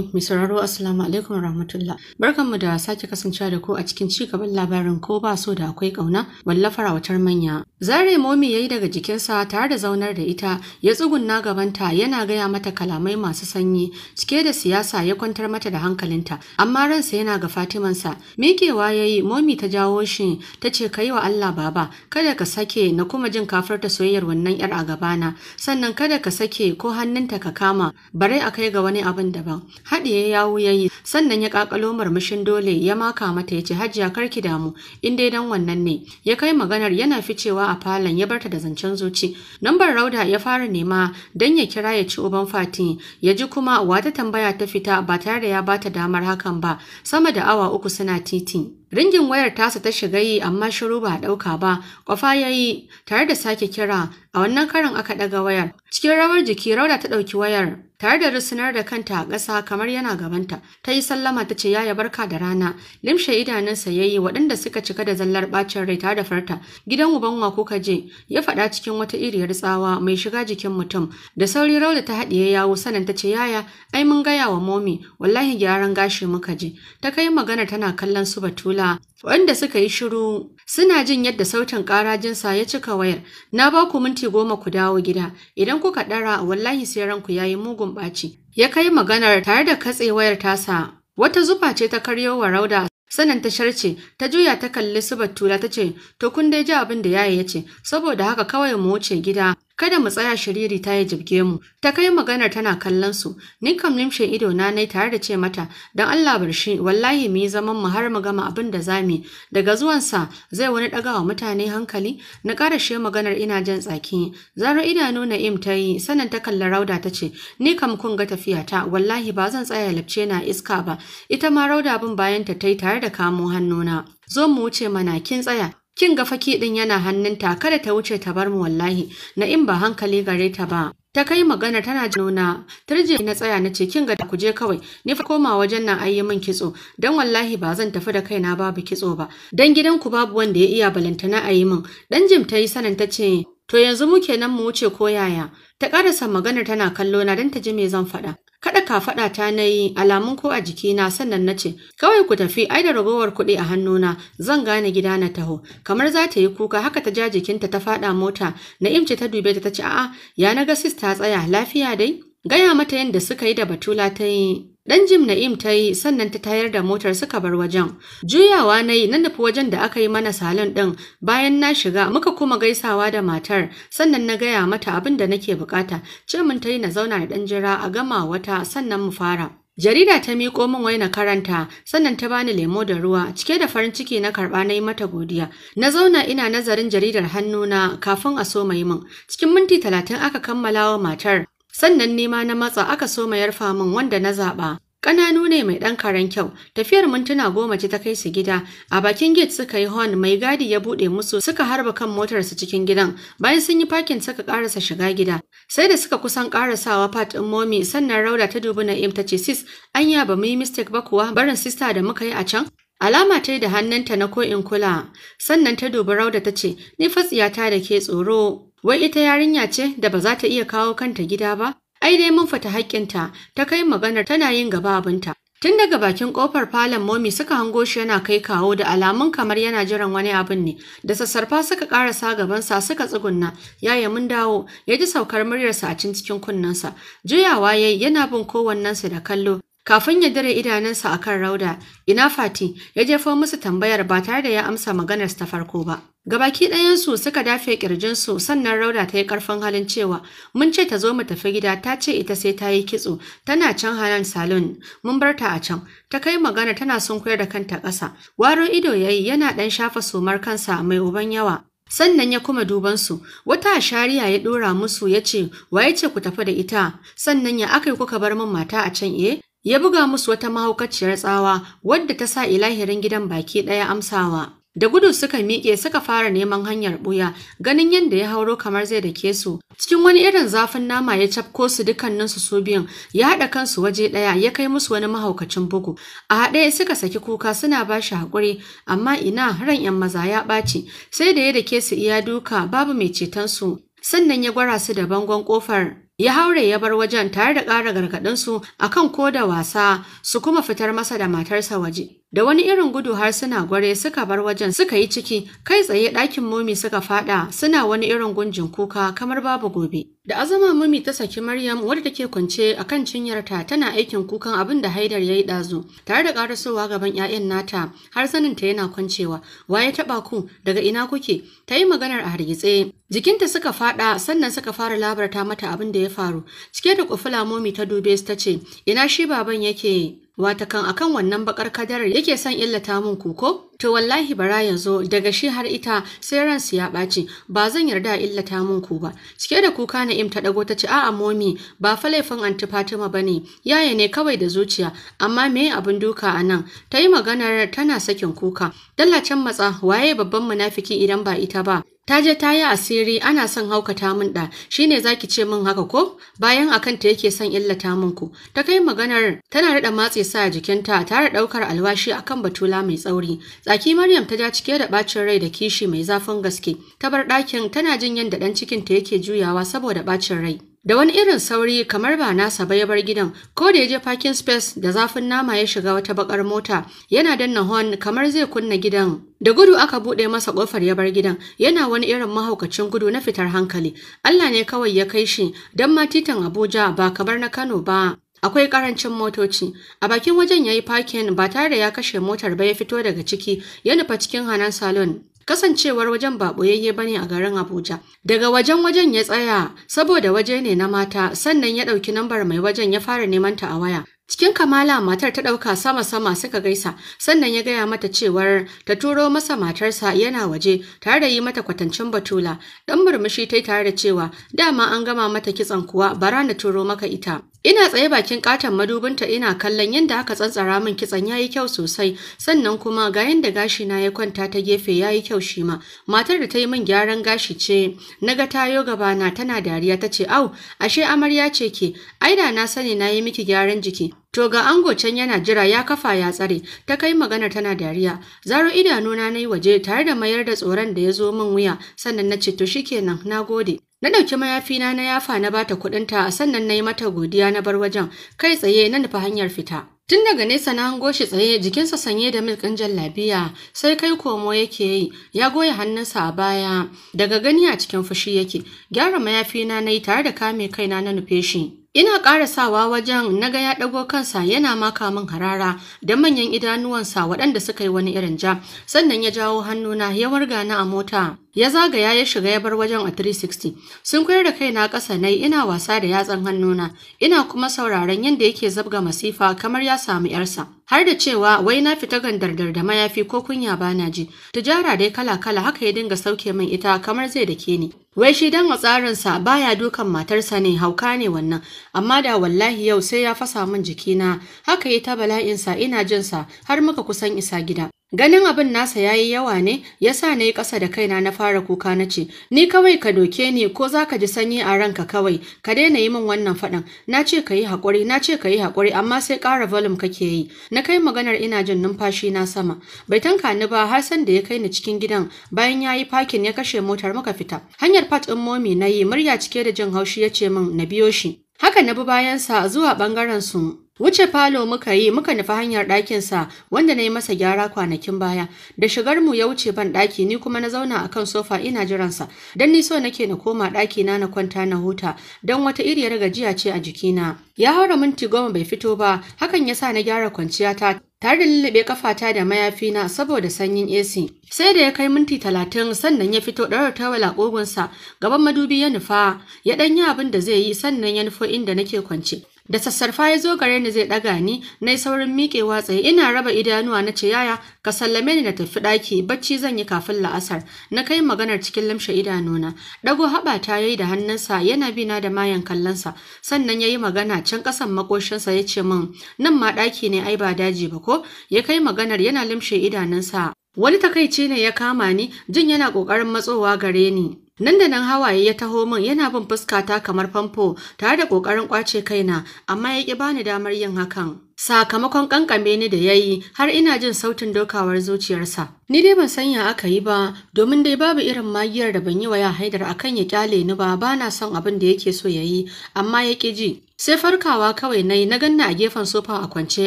Rahim mai sauraro Assalamu alaikum rahmatullah. Barkanmu da sake kasancewa da ku a cikin ci gaban labarin ko ba so da akwai kauna wallafar watar manya. Zare momi yayi daga jikinsa tare da zaunar da ita ya tsugunna gabanta yana gaya mata kalamai masu sanyi cike da siyasa ya kwantar mata da hankalinta amma ransa yana ga Fatimansa. Mikewa yayi momi ta jawo shi ta ce kai wa Allah baba kada ka sake na kuma jin kafarta soyayyar wannan yar a gabana sannan kada ka sake ko hannunta ka kama bare a kai ga wani abin daban. haɗiye yawu ya yi sannan ya ƙaƙalo marmashin dole ya maka mata ya ce hajiya karki damu in dai dan wannan ne ya kai maganar yana ficewa a falon ya barta da zancen zuci nambar rauda ya fara nema dan ya kira ya ci uban fati ya ji kuma wata tambaya ta fita ba tare da ya bata damar hakan ba sama da awa uku suna titi Ringin wayar tasa ta shiga yi amma shiru ba a ɗauka ba, kwafa ya yi tare da sake kira a wannan karin aka ɗaga wayar. Cikin rawar jiki Rauda ta ɗauki wayar tare da rusunar da kanta a ƙasa kamar yana gabanta. Ta yi sallama ta ce yaya barka da rana. Limshe idanunsa ya yi waɗanda suka cika da zallar ɓacin rai tare da farta. Gidan uban wa kuka je ya faɗa cikin wata iriyar tsawa mai shiga jikin mutum. Da sauri Rauda ta haɗiye yawo sanin ta ce yaya ai mun gaya wa momi wallahi gyaran gashi muka je. Ta kai magana tana kallon su Batula. Wanda suka yi shiru suna jin yadda sautin jinsa ya cika wayar. Na ba ku minti goma ku dawo gida. Idan kuka ɗara wallahi sai ranku yi mugun ɓaci. Ya kai maganar tare da katse wayar tasa. Wata zufa ce ta karyo wa rauda sanin ta sharce ta juya ta kalli su batula ta ce to kun dai ji abin da yaye ya ce saboda haka kawai mu wuce gida kada mu tsaya shiriri ta ya jibge mu ta kai maganar tana kallon su ni kam limshe ido na nai tare da ce mata dan Allah bar shi wallahi mu yi zaman mu har mu gama abin da zamu daga zuwan sa zai wani daga wa mutane hankali na karashe maganar ina jan tsaki zaro idanu na im yi. sanan ta kalla rauda ta ce ni kam kun ga tafiya ta wallahi ba zan tsaya labce na iska ba ita ma rauda bin bayan ta tai tare da kamo hannuna zo mu wuce mana kin tsaya kin ga faki din yana hannunta kada ta wuce ta bar mu wallahi na in ba hankali gare ta ba ta kai magana tana nuna turje na tsaya na ce kin ga ku je kawai ni fa koma wajen nan ayi min kitso dan wallahi ba zan tafi da kaina babu kitso ba dan ku babu wanda ya iya balantana ayi min dan jim ta yi ta ce to yanzu muke nan mu wuce ko yaya ta karasa magana tana kallo na dan ta ji me zan faɗa Kada ka faɗa ta na yi alamun ko a jikina sannan na ce, kawai ku tafi ai da ragowar kuɗi a hannuna zan gane gida na taho. Kamar za ta yi kuka haka ta ja jikinta ta faɗa mota, na imce ta dube ta ta ce a'a ya na ga sis ta tsaya lafiya dai? Gaya mata yadda suka yi da Batula ta yi Dan Jim Na'im ta yi sannan ta tayar da motar suka bar wajen. Juyawa na yi na nufi wajen da aka yi mana salon ɗin bayan na shiga muka kuma gaisawa da matar sannan na gaya mata abin da nake bukata. Ce mun ta yi na zauna da ɗan jira a gama wata sannan mu fara. Jarida ta miƙo min wai na karanta, sannan ta bani lemo da ruwa, cike da farin ciki na karɓa na yi mata godiya. Na zauna ina nazarin jaridar hannuna kafin a so mai min. Cikin minti talatin aka kammala wa matar, sannan nema na matsa aka so mayar famin wanda na zaɓa. Ƙananu ne mai ɗan karan kyau, tafiyar mintuna goma ce ta kai su gida, a bakin gate suka yi horn mai gadi ya buɗe musu suka harba kan motarsu cikin gidan, bayan sun yi parking suka karasa shiga gida. Sai da suka kusan karasawa Pat ɗin momi sannan Rauda ta dubi na ta ce sis, anya ba mu yi mistake ba kuwa barin sista da muka yi a can? Alama ta yi da hannunta na ko in kula, sannan ta dubi Rauda ta ce, ni fatsiyata da ke tsoro, Wai ita yarinya ce da ba za ta iya kawo kanta gida ba? Ai dai mun fata haƙƙinta ta kai maganar tana yin gaba abinta. Tun daga bakin kofar falon momi suka hango shi yana kai kawo da alamun kamar yana jiran wani abin ne, da sassarfa suka ƙarasa gabansa suka tsugunna, yaya mun dawo, ya ji saukar muryarsa a cin cikin kunnensa, juyawa yayi yana bin kowannensa da kallo, kafin ya dare idanunsa a kan rauda, ina fati, ya jefo musu tambayar ba tare da ya amsa maganarsa ta farko ba. Gabaki ɗayansu suka dafe ƙirjinsu sannan Rauda ta yi ƙarfin halin cewa mun ce ta zo mu tafi gida ta ce ita sai ta yi kitso tana can hanan salon mun bar ta a can ta kai magana tana koyar da kanta ƙasa waro ido yayi yana ɗan shafa somar kansa mai uban yawa sannan ya kuma dubansu wata shari'a ya ɗora musu ya ce waye ce ku tafi da ita sannan ya aka kuka bar min mata a can eh ya buga musu wata mahaukaciyar tsawa wadda ta sa ilahirin gidan baki ɗaya amsawa. Da gudu suka miƙe suka fara neman hanyar ɓuya, ganin yadda ya hauro kamar zai dake su. Cikin wani irin zafin nama ya cafko su dukkaninsu su biyan, ya haɗa kansu waje ɗaya ya kai musu wani mahaukacin bugu. A haɗe suka saki kuka suna ba shi haƙuri, amma ina ran 'yan maza ya ɓaci, sai da ya dake su iya duka babu mai ceton su. Sannan ya gwara su da bangon ƙofar ya haure ya bar wajen tare da ƙara gargaɗinsu akan ko da wasa su kuma fitar masa da matarsa waje. Da wani irin gudu har suna gware suka bar wajen suka yi ciki, kai tsaye ɗakin mumi suka faɗa suna wani irin gunjin kuka kamar babu gobe. Da azama mumi ta saki Maryam wadda take kwance a kan cinyarta tana aikin kukan abin da Haidar ya yi ɗazu, tare da ƙarasowa gaban 'ya'yan nata har ta yana kwancewa. Waye taɓa ku daga ina kuke? Ta yi maganar a hargitse. Jikinta suka faɗa sannan suka fara labarta mata abin da ya faru. Cike da kufula momi ta dube su ta ce, ina shi baban yake watakan akan wannan bakar kadarar yake son illata mun ko? to wallahi bara yanzu zo daga shi har ita sai su ya ɓaci ba zan yarda illata mun ku ba cike da kuka na im ta dago ta ce a'a momi ba fa laifin anti Fatima bane yaya ne kawai da zuciya amma me abin duka a nan ta yi maganar tana sakin kuka can matsa waye babban munafiki idan ba ita ba ta je ta yi asiri ana son haukata min da shine zaki ce min haka ko bayan akan ta yake son illata min ku ta kai maganar tana rada matse sa a jikinta tare daukar alwashi akan batula mai tsauri tsaki Maryam ta ja cike da bacin rai da kishi mai zafin gaske ta bar dakin tana jin yadda dan cikin ta yake juyawa saboda bacin rai da wani irin sauri kamar ba nasa ba ya bar gidan ko da ya je parking space da zafin nama ya shiga wata bakar mota yana danna horn kamar zai kunna gidan Da gudu aka buɗe masa ƙofar ya bar gidan, yana wani irin mahaukacin gudu na fitar hankali. Allah ne kawai ya kai shi, don ma titan Abuja ba kamar na Kano ba. Akwai ƙarancin motoci, a bakin wajen ya yi fakin ba tare da ya kashe motar ba ya fito daga ciki, ya nufa cikin hanan salon kasancewar wajen ba ɓoyayye ne a garin Abuja. Daga wajen wajen ya tsaya saboda waje ne na mata sannan ya ɗauki lambar mai wajen ya fara neman ta a waya. Cikin kamala matar ta ɗauka sama-sama suka gaisa, sannan ya gaya mata cewar ta turo masa matarsa yana waje tare da yi mata kwatancin batula, ɗan murmushi ta yi tare da cewa dama an gama mata kitson kuwa bara na turo maka ita. Ina tsaye bakin katon madubinta ina kallon yadda aka tsantsara min kitson yayi kyau sosai sannan kuma ga yadda gashi na ya kwanta ta gefe yayi kyau shi ma matar da ta yi min gyaran gashi ce naga tayo gaba na tana dariya ta ce au ashe amarya ce ke ai da na sani na yi miki gyaran jiki To ga ango can yana jira ya kafa ya tsare, ta kai magana tana dariya. Zaro idanuna na yi waje tare da mayar da tsoron da ya zo min wuya, sannan na ce to shikenan, na gode. Na ɗauki mayafina na yafa na bata kuɗinta sannan na yi mata godiya na bar wajen kai tsaye na nufi hanyar fita. Tun daga nesa na hango shi tsaye jikinsa sanye da milkin jallabiya sai kai komo yake yi ya goya hannunsa a baya daga gani a cikin fushi yake gyara mayafina na yi tare da kame kaina na nufe shi. Ina sawa wajen na ga ya ɗago kansa yana maka min harara da manyan idanuwansa waɗanda suka yi wani irin ja sannan ya jawo hannuna ya warga na a mota. ya zagaya ya shiga ya bar wajen a 360 sun koyar da kaina ƙasa nai ina wasa da yatsan hannuna ina kuma sauraron yadda yake zabga masifa kamar ya samu yarsa har da cewa wai na fita gandardar da mayafi ko kunya bana ji tijara dai kala kala haka ya dinga sauke min ita kamar zai dake ni wai shi dan tsarinsa baya dukan matarsa ne hauka ne wannan amma da wallahi yau sai ya fasa min jikina haka yi ta bala'insa ina jinsa har muka kusan isa gida Ganin abin nasa ya yi yawa ne, ya sa na yi ƙasa da kaina na fara kuka na ce, Ni kawai ka doke ni ko za ka ji sanyi a ranka kawai, ka daina yi min wannan faɗan. Na ce ka yi haƙuri, na ce ka yi haƙuri, amma sai ƙara volume kake yi. Na kai maganar ina jin numfashi na sama. Bai tanka ni ba har san da ya kai ni cikin gidan bayan ya yi fakin ya kashe motar muka fita. Hanyar fat ɗin momi na yi murya cike da jin haushi ya ce min na biyo shi. Haka na bi bayansa zuwa ɓangaren su Wuce falo muka yi muka nufi hanyar ɗakinsa wanda na yi masa gyara kwanakin baya. Da shigar mu ya wuce ban ɗaki ni kuma na zauna a kan sofa ina jiransa. Dan ni so nake na koma ɗaki na na kwanta na huta don wata iriyar gajiya ce a jikina. Ya haura minti goma bai fito ba hakan ya sa na gyara kwanciya ta tare da lullube kafata da mayafi na saboda sanyin AC. Sai da ya kai minti talatin sannan ya fito ɗaura tawala ƙugunsa gaban madubi ya nufa ya ɗan yi abin da zai yi sannan ya nufo inda nake kwance. da sassarfa ya zo gare ni zai ɗaga ni na saurin miƙewa tsaye ina raba idanuwa na ce yaya ka sallame ni na tafi ɗaki bacci zan yi kafin la'asar na kai maganar cikin lamshe idanuna ɗago haɓa ta yayi da hannunsa yana bina da mayan kallonsa sannan ya yi magana can ƙasan makoshinsa ya ce min nan ma ɗaki ne ai ba daji ba ko ya kai maganar yana lamshe idanunsa Wani takaici ne ya kama ni jin yana ƙoƙarin matsowa gare ni. Nan da nan hawaye ya taho min yana bin fuskata kamar famfo tare da ƙoƙarin ƙwace kaina amma ya ƙi bani damar yin hakan. Sakamakon ƙanƙame ni da ya yi har ina jin sautin dokawar zuciyarsa. Ni dai ban sanya aka yi ba domin dai babu irin magiyar da ban yi wa ya haidar akan ya kyale ni ba ba na son abin da yake so ya yi amma ya ƙi ji. Sai farkawa kawai na na ganna a gefen sofa a kwance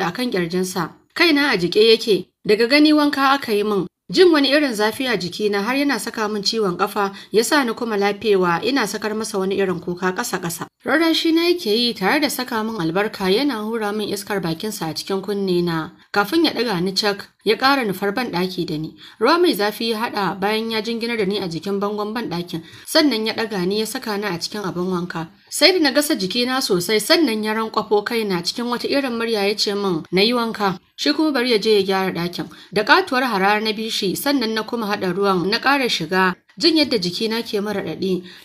akan ƙirjinsa. Kaina a jike yake daga gani wanka aka yi min Jin wani irin zafi a jikina har yana saka min ciwon kafa ya sa ni kuma lafewa ina sakar masa wani irin kuka ƙasa-ƙasa. Rarrashi na yake yi tare da saka min albarka yana hura min iskar bakinsa a cikin kunne na kafin ya ɗaga ni cak ya ƙara nufar ban ɗaki da ni. Ruwa mai zafi ya haɗa bayan ya jingina da ni a jikin bangon ban ɗakin, sannan ya ɗaga ni ya saka ni a cikin abin wanka. Sai da na gasa jikina sosai sannan ya rankwafo kaina cikin wata irin murya ya ce min na yi wanka. Shi kuma bari ya je ya gyara ɗakin. Da katuwar harara na bishi sannan na kuma haɗa ruwan na ƙara shiga Jin yadda jikina ke mara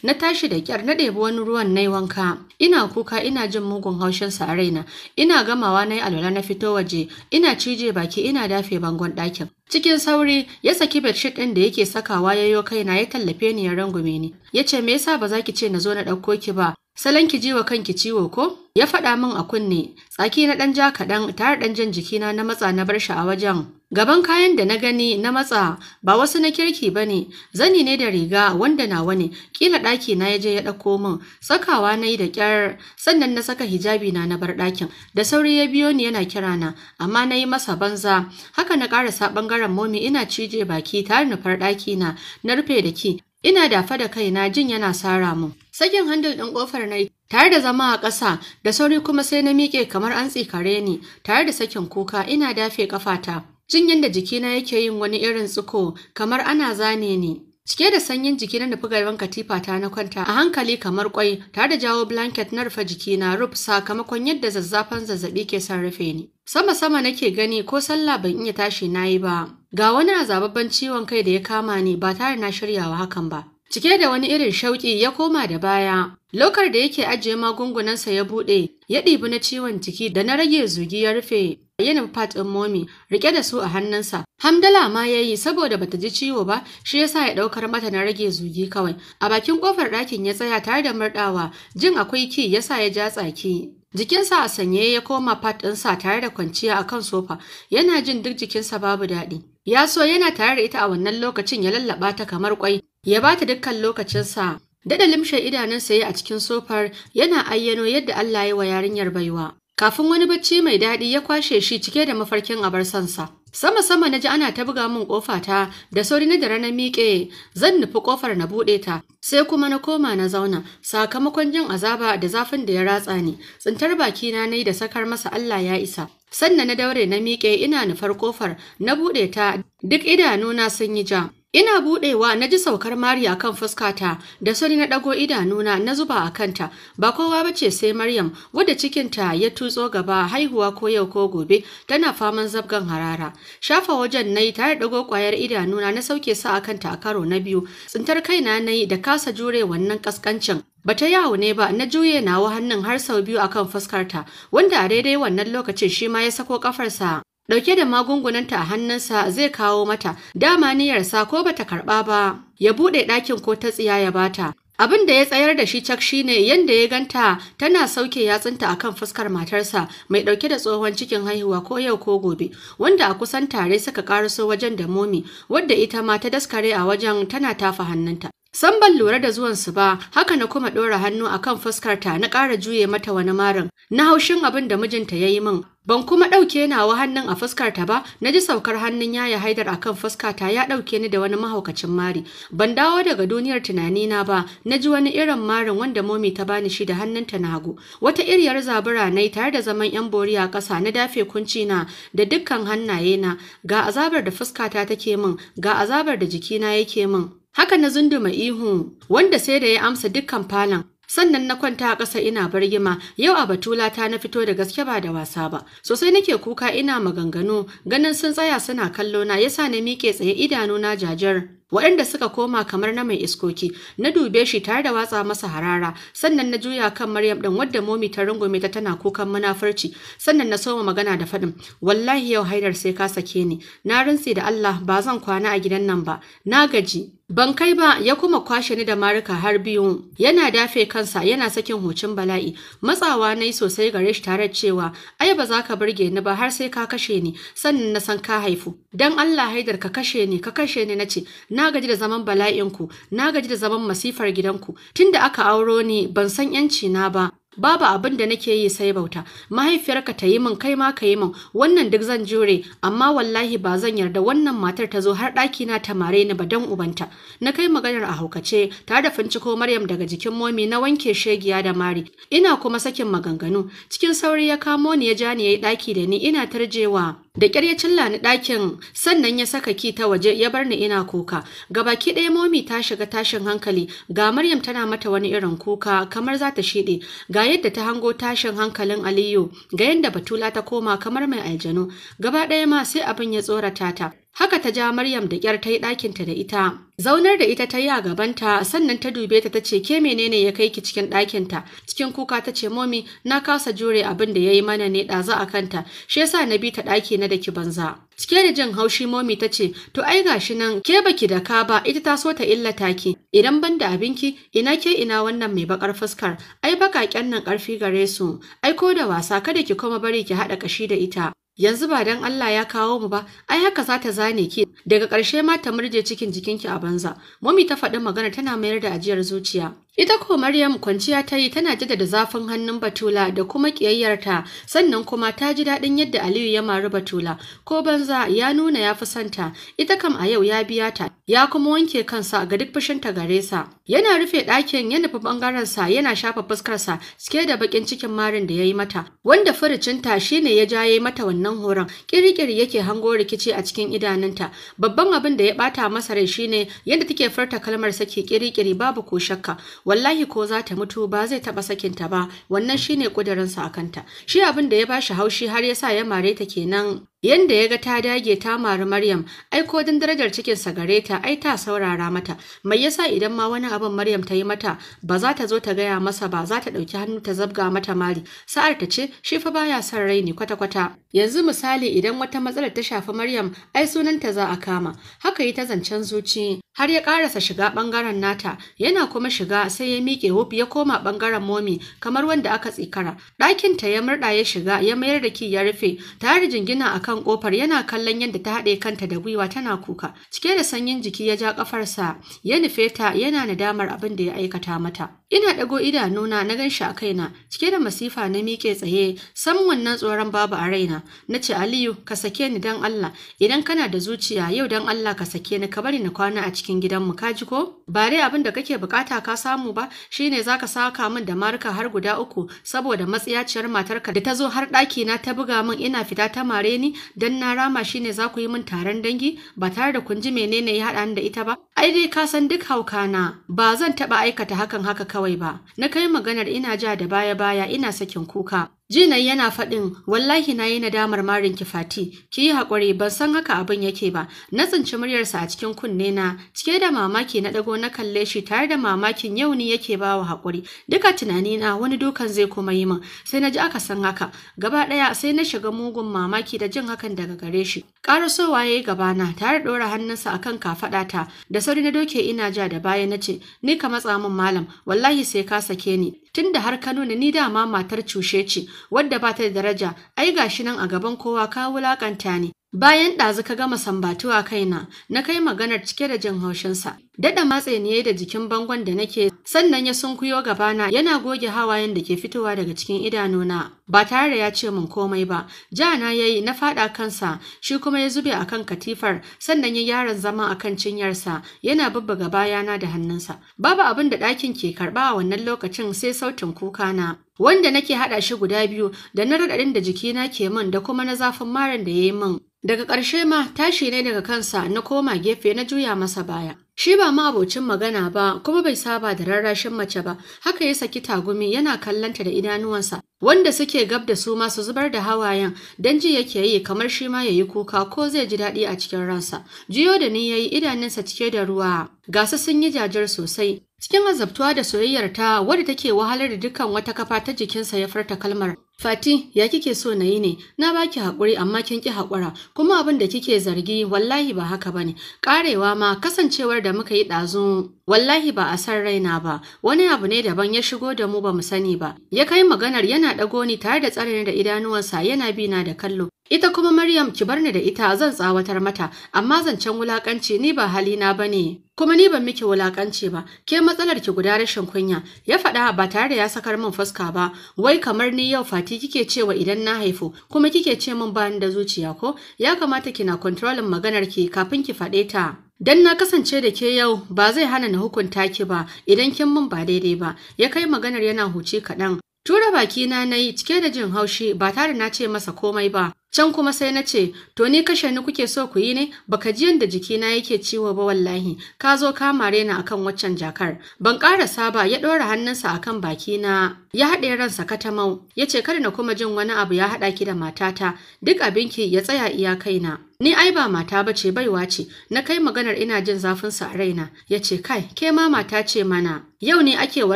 na tashi da kyar na ɗebi wani ruwan na wanka. Ina kuka ina jin mugun haushin sa a raina, ina gamawa na yi alwala na fito waje, ina cije baki ina dafe bangon ɗakin. Cikin sauri ya saki bedsheet ɗin da yake sakawa yayo kaina ya tallafe ni ya rangume ni. Ya ce me yasa ba za ki ce na zo na ɗauko ki ba? Salon ki jiwa kanki ciwo ko? Ya faɗa min a kunne, tsaki na ɗan ja kaɗan tare ɗan jan jikina na matsa na bar shi a wajen. Gaban kayan da na gani na matsa ba wasu na kirki ba ne, zani ne da riga wanda nawa ne, kila ɗaki na ya je ya ɗauko min, sakawa na yi da ƙyar, sannan na saka hijabi na na bar ɗakin. Da sauri ya biyo ni yana kira na, amma na yi masa banza, haka na ƙara ƙarasa ɓangaren momi ina cije baki tare nufar ɗaki na, na rufe da ki, ina dafa da kaina jin yana sara mun. Sakin handil ɗin ƙofar na tare da zama a ƙasa da sauri kuma sai na miƙe kamar an tsikare ni tare da sakin kuka ina dafe ƙafata. Jin yadda jikina yake yin wani irin tsuko kamar ana zane ni. Cike da sanyin jiki na nufi garban katifa ta na kwanta a hankali kamar kwai tare da jawo blanket na rufe jiki na rub sakamakon yadda zazzafan zazzabi ke son rufe ni. Sama sama nake gani ko sallah ban iya tashi na yi ba. Ga wani azababban ciwon kai da ya kama ni ba tare na shiryawa hakan ba. Cike da wani irin shauki ya koma da baya. Lokar da yake ajiye magungunansa ya buɗe, ya ɗibi na ciwon jiki da na rage zugi ya rufe yinin Pat ɗin Momi rike da su a hannunsa. Hamdala ma ya yi saboda bata ji ciwo ba shi yasa ya ɗaukar mata na rage zugi kawai. A bakin ƙofar ɗakin ya tsaya tare da murɗawa jin akwai ki yasa ya ja tsaki. Jikinsa a sanye ya koma Pat ɗinsa tare da kwanciya a kan sofa yana jin duk jikinsa babu daɗi. Ya so yana tare da ita a wannan lokacin ya lallaɓa ta kamar kwai ya bata dukkan lokacinsa Dada limshe idanunsa ya a cikin sofar yana ayyano yadda Allah ya wa yarinyar baiwa. Kafin wani bacci mai daɗi ya kwashe shi cike da mafarkin abar sansa. Sama-sama na ji ana ta buga min ƙofa ta da sauri na da na miƙe zan nufi kofar na buɗe ta sai kuma na koma na zauna sakamakon jin azaba da zafin da ya ratsa ni tsintar bakina na yi da sakar masa Allah ya isa. Sannan na daure na miƙe ina nufar ƙofar na buɗe ta duk idanuna sun yi ja Ina buɗewa na ji saukar Mariya kan fuskata da sani na ɗago idanuna na zuba a kanta ba kowa bace sai Maryam wadda cikinta ya tutso gaba haihuwa ko yau ko gobe tana faman zabgan harara shafa wajen nayi tare ɗago kwayar idanuna na sauke sa a kanta a karo na biyu tsintar kaina nayi da kasa jure wannan kaskancin bata yawo ne ba na juye nawa hannun har sau biyu akan fuskarta wanda a daidai wannan lokacin shi ma ya sako ƙafarsa. Dauke da magungunanta a hannunsa zai kawo mata, dama sa ko bata karɓa ba, ya buɗe ɗakin ko ta tsiya ya bata. Abin da ya tsayar da shi cak shine yadda ya ganta tana sauke yatsunta akan fuskar matarsa mai ɗauke da tsohon cikin haihuwa ko yau ko gobe wanda a kusan tare suka karaso wajen da momi wadda ita ma ta daskare a wajen tana tafa hannunta San ban lura da zuwan su ba, haka na kuma ɗora hannu akan fuskarta na ƙara juye mata wani marin, na haushin abin da mijinta ya yi min. Ban kuma ɗauke nawa hannun a fuskarta ba, na ji saukar hannun yaya haidar akan fuskata ya ɗauke ni da wani mahaukacin mari. Ban dawo daga duniyar tunani na ba, na ji wani irin marin wanda momi ta bani shi da hannunta na hagu. Wata iriyar zabura na tare da zaman ‘yan bori a ƙasa na dafe kunci na da dukkan hannaye na, ga azabar da fuskata take min, ga azabar da jikina yake min. Haka na zunduma ihu wanda sai da ya amsa dukkan falon. Sannan na kwanta a ƙasa ina bargima, yau a batula ta na fito da gaske ba da wasa ba. Sosai nake kuka ina maganganu, ganin sun tsaya suna kallo na yasa na miƙe tsaye idanu na jajar. waɗanda suka koma kamar na mai iskoki na dube shi tare da watsa masa harara sannan na juya kan Maryam ɗin wadda momi ta rungume ta tana kukan munafurci sannan na soma magana da faɗin wallahi yau haidar sai ka sake ni na rantse da Allah ba zan kwana a gidan nan ba na gaji Ban kai ba ya kuma kwashe ni da marika har biyu yana dafe kansa yana sakin hucin bala'i matsawa na yi sosai gare shi tare cewa ai ba za ka burge ni ba har sai ka kashe ni sannan na san ka haifu Don Allah haidar ka kashe ni ka kashe ni na ce na gaji da zaman bala'inku na gaji da zaman masifar gidanku da aka auro ni ban san yanci na ba babu abin da nake yi sai bauta mahaifiyarka ta yi min kai ma ka yi min wannan duk zan jure amma wallahi ba zan yarda wannan matar ta zo har ɗaki na ta mare ni ba dan ubanta na kai maganar a haukace tare da finciko maryam daga jikin momi na wanke shegiya da mari ina kuma sakin maganganu cikin sauri ya kamo ni ya ja ni yayi ɗaki da ni ina tarjewa da ƙyar ya cilla ni ɗakin sannan ya saka ki ta waje ya bar ni ina kuka gabaki ɗaya momi ta shiga tashin hankali ga maryam tana mata wani irin kuka kamar za ta shiɗe ga yadda ta hango tashin hankalin aliyu ga yadda batula ta koma kamar mai aljanu gaba ɗaya ma sai abin ya tsorata ta Haka ta ja Maryam da kyar ta yi ɗakinta da ita. Zaunar da ita ta yi a gabanta sannan ta dube ta ta ce ke menene ya kai ki cikin ɗakinta. Cikin kuka ta ce momi na kasa jure abin da ya yi mana ne ɗazu a kanta shi yasa na bi ta ɗaki na da ki banza. Cike da jin haushi momi ta ce to ai gashi nan ke baki da ka ba ita ta so ta illata ki idan ban da abinki ina ke ina wannan mai bakar fuskar ai baƙaƙen nan ƙarfi gare su ai ko da wasa kada ki kuma bari ki haɗa ƙashi da ita. yanzu ba dan Allah ya kawo mu ba ai haka za ta zane ki daga ƙarshe ma ta murje cikin jikinki a banza mami ta faɗi magana tana mayar da ajiyar zuciya Ita ko Maryam kwanciya ta yi tana jaddada zafin hannun Batula da kuma kiyayyarta sannan kuma ta ji daɗin yadda Aliyu ya mari Batula ko banza ya nuna ya fi santa ita kam a yau ya biya ta ya kuma wanke kansa ga duk ta gare sa. Yana rufe ɗakin ya nufi ɓangarensa yana shafa fuskarsa cike da baƙin cikin marin da ya yi mata wanda furucinta shine ya jaye mata wannan horon kirikiri yake hango rikici a cikin idanunta babban abin da ya ɓata masa rai shine yadda take furta kalmar sake kirikiri babu ko shakka wallahi ko za ta mutu ba zai taba sakinta ba wannan shine ƙudirinsa a kanta shi abin da ya bashi haushi har yasa ya mare ta kenan Yanda ya ga ta dage ta mari Maryam, ai ko din darajar cikinsa gare ta, ai ta saurara mata. Mai yasa idan ma wani abin Maryam ta yi mata, ba za ta zo ta gaya masa ba, za ta ɗauki hannu ta zabga mata mari. Sa'ar ta ce, shi fa baya son raini kwata-kwata. Yanzu misali idan wata matsalar ta shafi Maryam, ai sunanta za a kama. Haka yi ta zancen zuci. Har ya karasa shiga bangaren nata, yana kuma shiga sai ya miƙe hub ya koma ɓangaren momi kamar wanda aka tsikara. Ɗakinta ya murɗa ya shiga ya mayar da ki ya rufe, ta jingina a akan kofar yana kallon yadda ta haɗe kanta da gwiwa tana kuka cike da sanyin jiki ya ja kafarsa ya nufe ta yana nadamar abin da ya aikata mata Ina ɗago idanuna na gan shi a kaina, cike da masifa na miƙe tsaye, san wannan tsoron babu a raina. Na ce Aliyu, ka sake ni dan Allah, idan kana da zuciya yau dan Allah ka sake ni ka bari na kwana a cikin gidanmu ka ji ko? Ba dai abin da kake bukata ka samu ba, shine zaka saka min da marka har guda uku saboda matsiyaciyar matarka da ta zo har ɗaki na ta buga min ina fita ta mare ni dan na rama shine za ku yi min taron dangi ba tare da kun ji menene ya haɗa ni da ita ba. Ai dai ka san duk hauka na, ba zan taɓa aikata hakan haka kawai ba. Na kai maganar ina ja da baya-baya ina sakin kuka. jinai yana faɗin wallahi na yi nadamar marin ki Fati ki yi haƙuri ban san haka abin yake ba na tsinci muryarsa a cikin kunne na cike da mamaki na ɗago na kalle shi tare da mamakin yau ne yake ba wa haƙuri duka tunani na wani dukan zai kuma yi min sai na ji aka san haka gaba ɗaya sai na shiga mugun mamaki da jin hakan daga gare shi ƙarasowa ya yi gabana tare da ɗora hannunsa akan kafaɗata da sauri na doke ina ja da baya na ce ni ka matsa min malam wallahi sai ka sake ni Tun da har ka nuna ni dama matar cushe ce wadda ba ta da daraja ai gashi nan a gaban kowa ka wulakanta ni Bayan ɗazu ka gama sambatu a kaina, na kai maganar cike da jin haushinsa. Dada matse ni da jikin bangon da nake sannan ya sunkuyo gabana yana goge hawayen da ke fitowa daga cikin idanuna ba tare da ya ce min komai ba. Ja na yayi na faɗa kansa shi kuma ya zube akan katifar sannan ya yara zama a kan cinyarsa yana bubbuga bayana da hannunsa. Babu abin da ɗakin ke karɓa a wannan lokacin sai sautin kuka na. wanda nake haɗa shi guda biyu da na raɗaɗin da jikina ke min da kuma na zafin maran da ya yi min. Daga ƙarshe ma tashi ne daga kansa na koma gefe na juya masa baya. Shi ba ma abocin magana ba kuma bai saba da rarrashin mace ba, haka ya saki tagumi yana kallanta da idanuwansa, wanda suke gab da su masu zubar da hawayen don ji yake yi kamar shi ma ya yi kuka ko zai ji daɗi a cikin ransa. Jiyo da ni ya yi idanunsa cike da ruwa. Gasa sun yi jajar sosai. Cikin azabtuwa da soyayyar ta wadda take wahalar da dukkan wata kafa ta jikinsa ya furta kalmar. Fati, ya kike so na yi ne, na baki haƙuri amma kin ki haƙura, kuma abin da kike zargi wallahi ba haka bane. Ƙarewa ma kasancewar da muka yi ɗazu wallahi ba a san raina ba, wani abu ne daban ya shigo da mu ba mu sani ba. Ya kai maganar yana ɗago ni tare da tsarin da idanuwansa yana bi na da kallo. Ita kuma Maryam ki bar ni da ita zan tsawatar mata, amma zancen wulakanci ni ba halina ba ne. Kuma ni ban miki wulakanci ba, ke matsalar ki guda rashin kunya, ya faɗa ba tare da ya sakar min fuska ba, wai kamar ni yau fati kike cewa idan na haifu, kuma kike ce min ba da zuciya ko, ya kamata kina kontrolin maganar ki kafin ki faɗe ta. Dan na kasance da ke yau ba zai hana na hukunta ki ba idan kin min ba daidai ba, ya kai maganar yana huci kaɗan. Tura bakina na yi cike da jin haushi ba tare na ce masa komai ba, Can kuma sai na ce, To ni kashe ni kuke so ku yi ne, baka ji yadda jikina yake ciwo ba wallahi, ka zo ka mare ni akan waccan jakar. Ban ƙara saba ya ɗora hannunsa akan bakina, ya haɗe ransa katamau, ya ce kada na kuma jin wani abu ya haɗa ki da matata, duk abinki ya tsaya iya kaina. Ni ai ba mata ba ce baiwa ce, na kai maganar ina jin zafin zafinsa a raina, ya ce kai, ke ma mata ce mana. Yau ne ake wa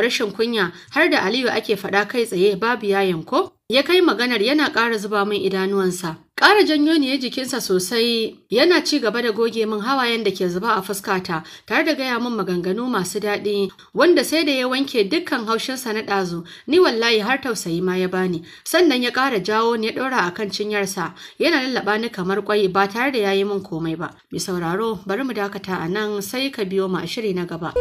rashin kunya har da Aliyu ake faɗa kai tsaye babu yayin ko? ya kai maganar yana ƙara zuba min idanuwansa. Ƙara janyo ne jikinsa sosai yana ci gaba da goge min hawayen da ke zuba a fuskata tare da gaya min maganganu masu daɗi wanda sai da ya wanke dukkan haushinsa na ɗazu ni wallahi har tausayi ma ya bani sannan ya ƙara jawo ni ya ɗora a kan cinyarsa yana lallaɓa ni kamar ƙwai ba tare da ya yi min komai ba. Mi sauraro bari mu dakata a nan sai ka biyo ma shiri na gaba.